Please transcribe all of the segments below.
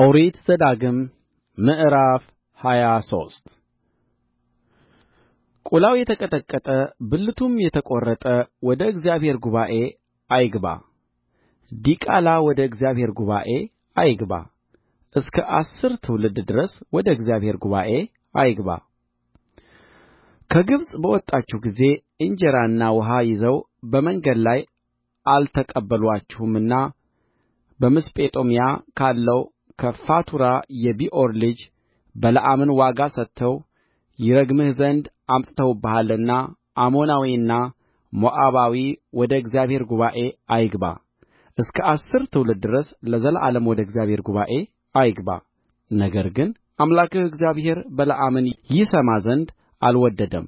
ኦሪት ዘዳግም ምዕራፍ ሃያ ሶስት ቁላው የተቀጠቀጠ ብልቱም የተቈረጠ ወደ እግዚአብሔር ጉባኤ አይግባ ዲቃላ ወደ እግዚአብሔር ጉባኤ አይግባ እስከ አሥር ትውልድ ድረስ ወደ እግዚአብሔር ጉባኤ አይግባ ከግብፅ በወጣችሁ ጊዜ እንጀራና ውኃ ይዘው በመንገድ ላይ አልተቀበሉአችሁምና በመስጴጦምያ ካለው ከፋቱራ የቢዖር ልጅ በለዓምን ዋጋ ሰጥተው ይረግምህ ዘንድ አምጥተውብሃልና አሞናዊና ሞዓባዊ ወደ እግዚአብሔር ጉባኤ አይግባ እስከ አሥር ትውልድ ድረስ ለዘላለም ወደ እግዚአብሔር ጉባኤ አይግባ ነገር ግን አምላክህ እግዚአብሔር በለዓምን ይሰማ ዘንድ አልወደደም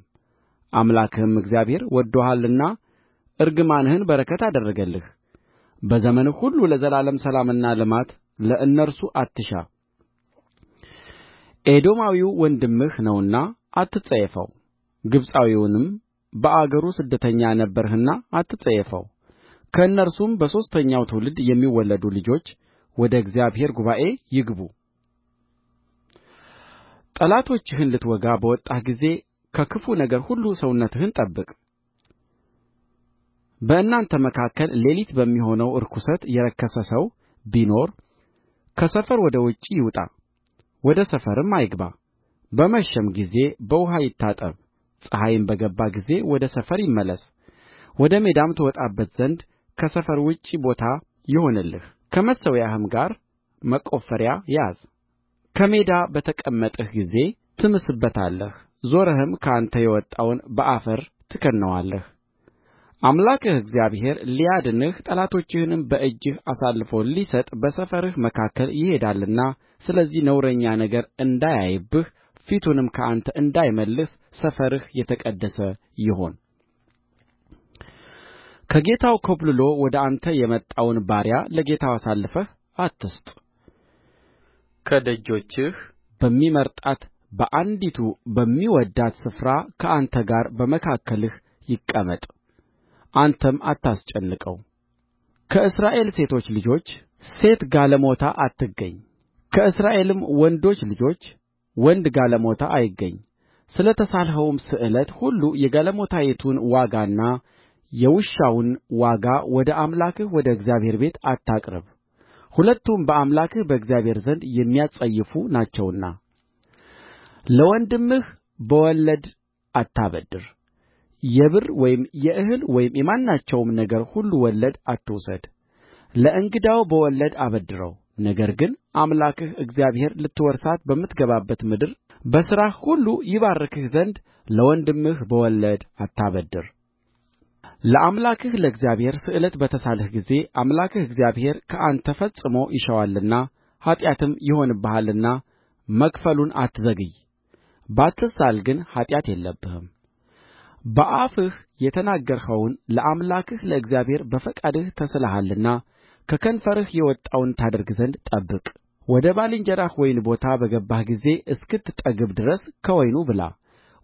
አምላክህም እግዚአብሔር ወድዶሃልና እርግማንህን በረከት አደረገልህ በዘመንህ ሁሉ ለዘላለም ሰላምና ልማት ለእነርሱ አትሻ ኤዶማዊው ወንድምህ ነውና አትጸየፈው ግብፃዊውንም በአገሩ ስደተኛ ነበርህና አትጸየፈው ከእነርሱም በሦስተኛው ትውልድ የሚወለዱ ልጆች ወደ እግዚአብሔር ጉባኤ ይግቡ ጠላቶችህን ልትወጋ በወጣህ ጊዜ ከክፉ ነገር ሁሉ ሰውነትህን ጠብቅ በእናንተ መካከል ሌሊት በሚሆነው ርኵሰት የረከሰ ሰው ቢኖር ከሰፈር ወደ ውጭ ይውጣ ወደ ሰፈርም አይግባ በመሸም ጊዜ በውኃ ይታጠብ ፀሐይም በገባ ጊዜ ወደ ሰፈር ይመለስ ወደ ሜዳም ትወጣበት ዘንድ ከሰፈር ውጭ ቦታ ይሁንልህ ከመሠዊያህም ጋር መቈፈሪያ ያዝ ከሜዳ በተቀመጥህ ጊዜ ትምስበታለህ ዞረህም ከአንተ የወጣውን በአፈር ትከድነዋለህ አምላክህ እግዚአብሔር ሊያድንህ ጠላቶችህንም በእጅህ አሳልፎ ሊሰጥ በሰፈርህ መካከል ይሄዳልና ስለዚህ ነውረኛ ነገር እንዳያይብህ ፊቱንም ከአንተ እንዳይመልስ ሰፈርህ የተቀደሰ ይሁን ከጌታው ኮብልሎ ወደ አንተ የመጣውን ባሪያ ለጌታው አሳልፈህ አትስጥ ከደጆችህ በሚመርጣት በአንዲቱ በሚወድዳት ስፍራ ከአንተ ጋር በመካከልህ ይቀመጥ አንተም አታስጨንቀው ከእስራኤል ሴቶች ልጆች ሴት ጋለሞታ አትገኝ ከእስራኤልም ወንዶች ልጆች ወንድ ጋለሞታ አይገኝ ስለ ተሳልኸውም ስእለት ሁሉ የጋለሞታይቱን ዋጋና የውሻውን ዋጋ ወደ አምላክህ ወደ እግዚአብሔር ቤት አታቅርብ ሁለቱም በአምላክህ በእግዚአብሔር ዘንድ የሚያጸይፉ ናቸውና ለወንድምህ በወለድ አታበድር የብር ወይም የእህል ወይም የማናቸውም ነገር ሁሉ ወለድ አትውሰድ ለእንግዳው በወለድ አበድረው ነገር ግን አምላክህ እግዚአብሔር ልትወርሳት በምትገባባት ምድር በሥራህ ሁሉ ይባርክህ ዘንድ ለወንድምህ በወለድ አታበድር ለአምላክህ ለእግዚአብሔር ስእለት በተሳልህ ጊዜ አምላክህ እግዚአብሔር ከአንተ ፈጽሞ ይሻዋልና ኃጢአትም ይሆንብሃልና መክፈሉን አትዘግይ ባትሳል ግን ኃጢአት የለብህም በአፍህ የተናገርኸውን ለአምላክህ ለእግዚአብሔር በፈቃድህ ተስለሃልና ከከንፈርህ የወጣውን ታደርግ ዘንድ ጠብቅ ወደ ባልንጀራህ ወይን ቦታ በገባህ ጊዜ እስክትጠግብ ድረስ ከወይኑ ብላ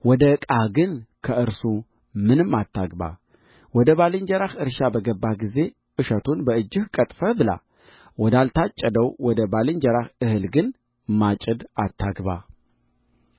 ወደ ዕቃህ ግን ከእርሱ ምንም አታግባ ወደ ባልንጀራህ እርሻ በገባህ ጊዜ እሸቱን በእጅህ ቀጥፈህ ብላ ወዳልታጨደው ወደ ባልንጀራህ እህል ግን ማጭድ አታግባ